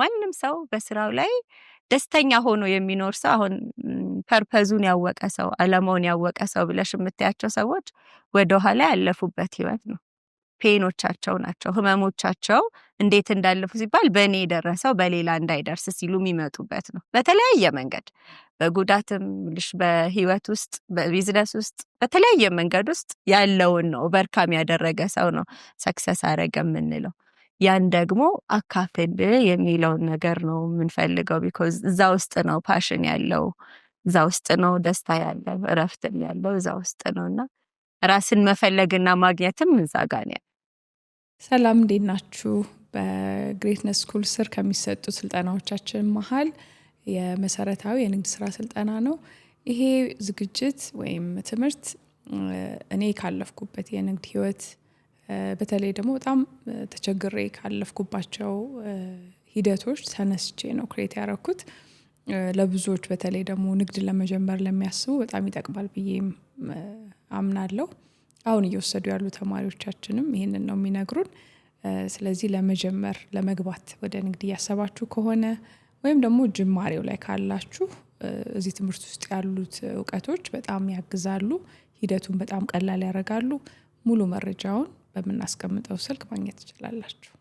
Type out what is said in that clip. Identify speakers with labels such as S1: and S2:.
S1: ማንም ሰው በስራው ላይ ደስተኛ ሆኖ የሚኖር ሰው አሁን ፐርፐዙን ያወቀ ሰው አለማውን ያወቀ ሰው ብለሽ የምታያቸው ሰዎች ወደኋላ ያለፉበት ህይወት ነው። ፔኖቻቸው ናቸው፣ ህመሞቻቸው እንዴት እንዳለፉ ሲባል በእኔ የደረሰው በሌላ እንዳይደርስ ሲሉ የሚመጡበት ነው። በተለያየ መንገድ በጉዳትም ልሽ በህይወት ውስጥ በቢዝነስ ውስጥ በተለያየ መንገድ ውስጥ ያለውን ነው ኦቨርካም ያደረገ ሰው ነው ሰክሰስ አረገ የምንለው። ያን ደግሞ አካፍል የሚለውን ነገር ነው የምንፈልገው። ቢኮዝ እዛ ውስጥ ነው ፓሽን ያለው፣ እዛ ውስጥ ነው ደስታ ያለው፣ እረፍትም ያለው እዛ ውስጥ ነው እና ራስን መፈለግና ማግኘትም እዛ ጋር ነው።
S2: ሰላም እንዴት ናችሁ? በግሬትነስ ስኩል ስር ከሚሰጡ ስልጠናዎቻችን መሀል የመሰረታዊ የንግድ ስራ ስልጠና ነው። ይሄ ዝግጅት ወይም ትምህርት እኔ ካለፍኩበት የንግድ ህይወት በተለይ ደግሞ በጣም ተቸግሬ ካለፍኩባቸው ሂደቶች ተነስቼ ነው ክሬት ያደረኩት። ለብዙዎች በተለይ ደግሞ ንግድ ለመጀመር ለሚያስቡ በጣም ይጠቅማል ብዬም አምናለሁ። አሁን እየወሰዱ ያሉ ተማሪዎቻችንም ይህንን ነው የሚነግሩን። ስለዚህ ለመጀመር ለመግባት ወደ ንግድ እያሰባችሁ ከሆነ ወይም ደግሞ ጅማሬው ላይ ካላችሁ እዚህ ትምህርት ውስጥ ያሉት እውቀቶች በጣም ያግዛሉ ሂደቱን በጣም ቀላል ያደርጋሉ። ሙሉ መረጃውን በምናስቀምጠው ስልክ ማግኘት ትችላላችሁ።